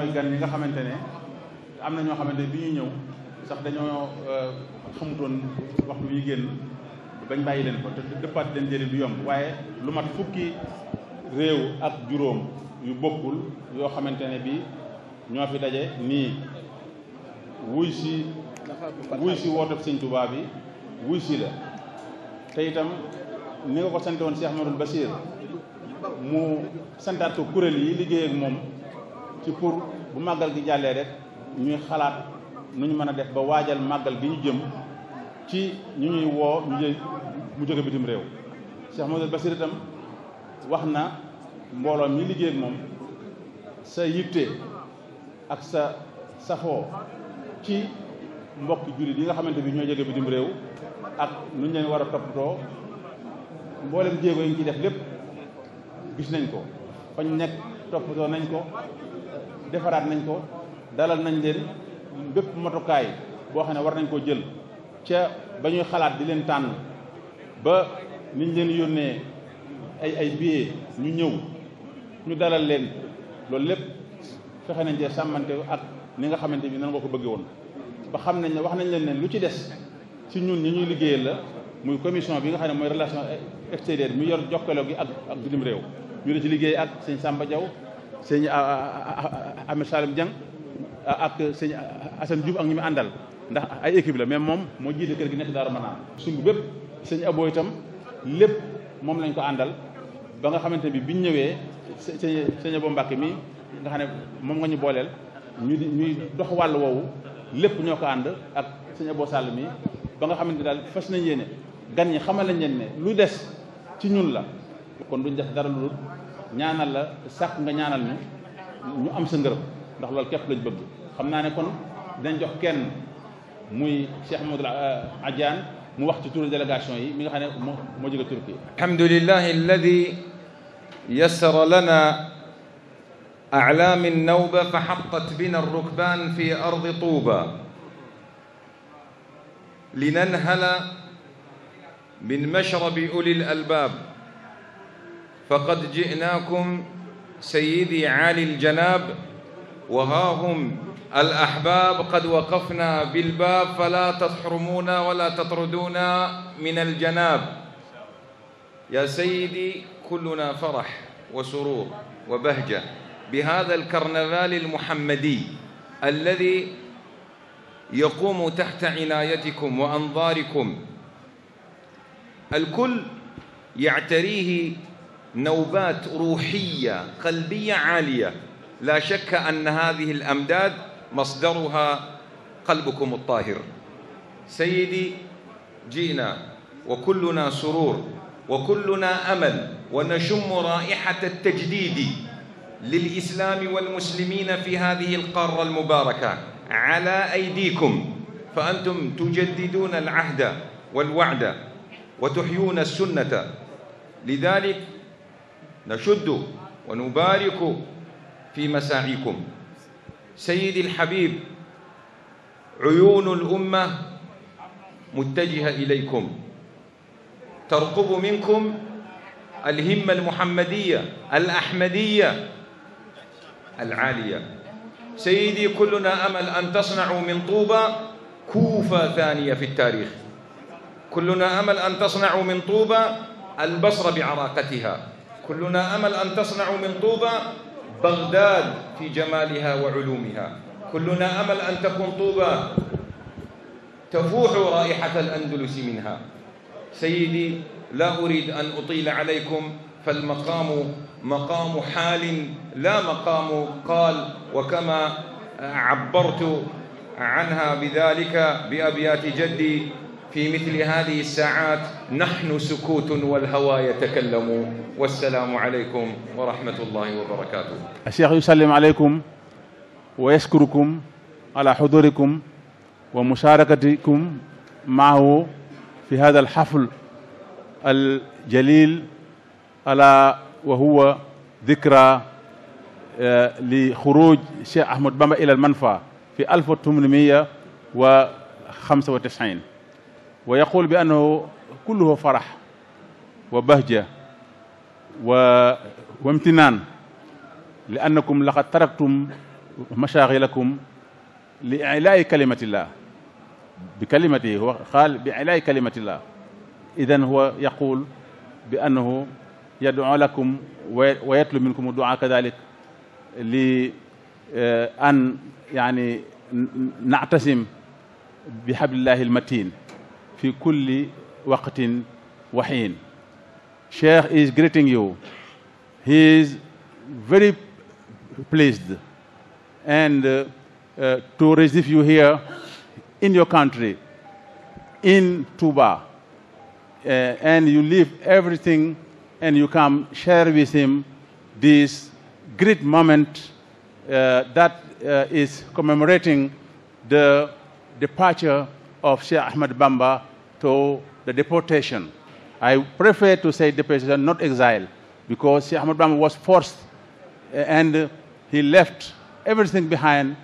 mooy gan ñi nga xamante ne am na ñoo xamante ne bi ñëw sax dañoo euh, xamutoon bi ñu génn bañ bàyyi leen ko te dëppaat leen jëli waaye lu mat fukki réew ak juróom yu bokkul yoo xamante ne bi ñoo fi daje nii wuy si wuy si woote sëñ Tuubaa yi wuy si la te itam ni nga ko sante woon Cheikh Ahmadul Bachir mu santaat ko kuréel yi liggéey ak moom ci pour bu màggal gi jàllee rek ñuy xalaat nu ñu mën a def ba waajal màggal gi ñu jëm ci ñu ñuy woo ñu jë mu joge bitim réew Cheikh Mouhamadou Bassir itam wax na mbooloom mi liggéey ak moom sa yitte ak sa safoo ci mbokk jullit yi nga xamante bi ñoo jóge bitim réew ak nu ñu leen war a toppatoo mboolem jéego yi def lépp gis nañ ko fañ nekk toppatoo nañ ko defaraat nañ ko dalal nañ leen bépp matukaay boo xam ne war nañ koo jël ca ba ñuy xalaat di leen tànn ba niñ leen yónnee ay ay billets ñu ñëw ñu dalal leen loolu lépp fexe nañ cee sàmmante ak ni nga xamante bi nan nga ko bëggee woon ba xam nañ ne wax nañ leen ne lu ci des ci ñun ñu ñuy liggéeyal la muy commission bi nga xam ne mooy relation extérieure mi yor jokkaloo gi ak ak bitim réew ñu di ci liggéey ak sëñ Samba jaw a ah, ah, ah, Ahmed Salim Dieng ak sëñ Assane Diouf ak ñu mu àndal ndax ay équipe la mais moom moo jiite kër gi nekk Daaru Manaan sumb bépp sëñ Abo itam lépp moom lañ ko àndal ba nga xamante bi biñ ñëwee sëñ sëñ Abo Mbàkke mi nga xam ne moom nga ñu booleel ñu di ñuy dox wàll woowu lépp ñoo ko ànd ak sëñ Abo Sall mi ba nga xamante daal fas nañ yéene gan ñi xamal nañ leen ne lu des ci ñun la kon duñ def dara lu dul ñaanal la sàkk nga ñaanal ñu ñu am sa ngërëm ndax loolu képp lañ bëgg xam naa ne kon dinañ jox kenn muy Cheikh Modou euh, Adiane mu wax ci turu délégation yi mi nga xam ne moo moo jóge Turquie alhamdulillahi alladi yassara lana أعلام النوبة فحطت بنا الركبان في أرض طوبى لننهل من مشرب أولي الألباب فقد جئناكم سيدي عالي الجناب وها هم الأحباب قد وقفنا بالباب فلا تحرمونا ولا تطردونا من الجناب يا سيدي كلنا فرح وسرور وبهجة بهذا الكرنفال المحمدي الذي يقوم تحت عنايتكم وأنظاركم الكل يعتريه نوبات روحيه قلبيه عاليه لا شك ان هذه الامداد مصدرها قلبكم الطاهر سيدي جئنا وكلنا سرور وكلنا امل ونشم رائحه التجديد للاسلام والمسلمين في هذه القاره المباركه على ايديكم فانتم تجددون العهد والوعد وتحيون السنه لذلك نشد ونبارك في مساعيكم سيدي الحبيب عيون الأمة متجهة إليكم ترقب منكم الهمة المحمدية الأحمدية العالية سيدي كلنا أمل أن تصنعوا من طوبة كوفة ثانية في التاريخ كلنا أمل أن تصنعوا من طوبة البصر بعراقتها كلنا أمل أن تصنعوا من طوبى بغداد في جمالها وعلومها كلنا أمل أن تكون طوبى تفوح رائحة الأندلس منها سيدي لا أريد أن أطيل عليكم فالمقام مقام حال لا مقام قال وكما عبرت عنها بذلك بأبيات جدي في مثل هذه الساعات نحن سكوت والهوى يتكلم والسلام عليكم ورحمة الله وبركاته الشيخ يسلم عليكم ويشكركم على حضوركم ومشاركتكم معه في هذا الحفل الجليل ألا وهو ذكرى لخروج الشيخ أحمد بامبا إلى المنفى في 1895 wa yaqul bi annahu kulluhu farax wa bahja wa wa imtinaan li annakum laqad taraktum mashaaxilakum li ilaayi kalimatillah bi kalimati wa xaal bi ilaayi kalimatillah idan huwa yaqul bi annahu yad'u lakum wa yatlu minkum du'a kadalik li eh, an yani na'tasim bi hablillahi almatin fi kulli waqtin wahin. Sheikh is greeting you. He is very pleased and uh, uh you here in your country, in Touba. Uh, and you leave everything and you come share with him this great moment uh, that is commemorating the departure of Sheikh Ahmad Bamba to the deportation. I prefer to say deportation, not exile, because Sheikh Ahmad Bamba was forced uh, and he left everything behind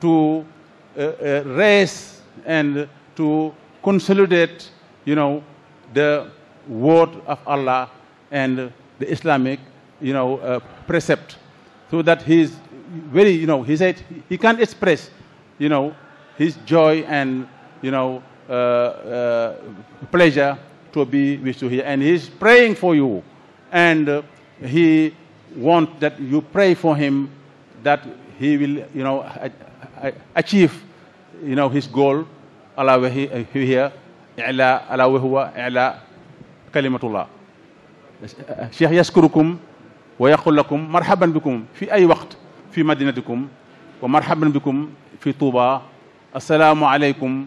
to uh, uh, raise and to consolidate, you know, the word of Allah and the Islamic, you know, uh, precept. So that he's very, you know, he said he can't express, you know, his joy and, you know, Uh, uh, pleasure to be with you here. And he's praying for you. And uh, he wants that you pray for him that he will, you know, achieve, you know, his goal. ala wahi hiya i'la ala wa huwa i'la kalimatullah cheikh yaskurukum wa yaqul lakum marhaban bikum fi ay waqt fi madinatikum wa marhaban bikum fi touba assalaamu aleykum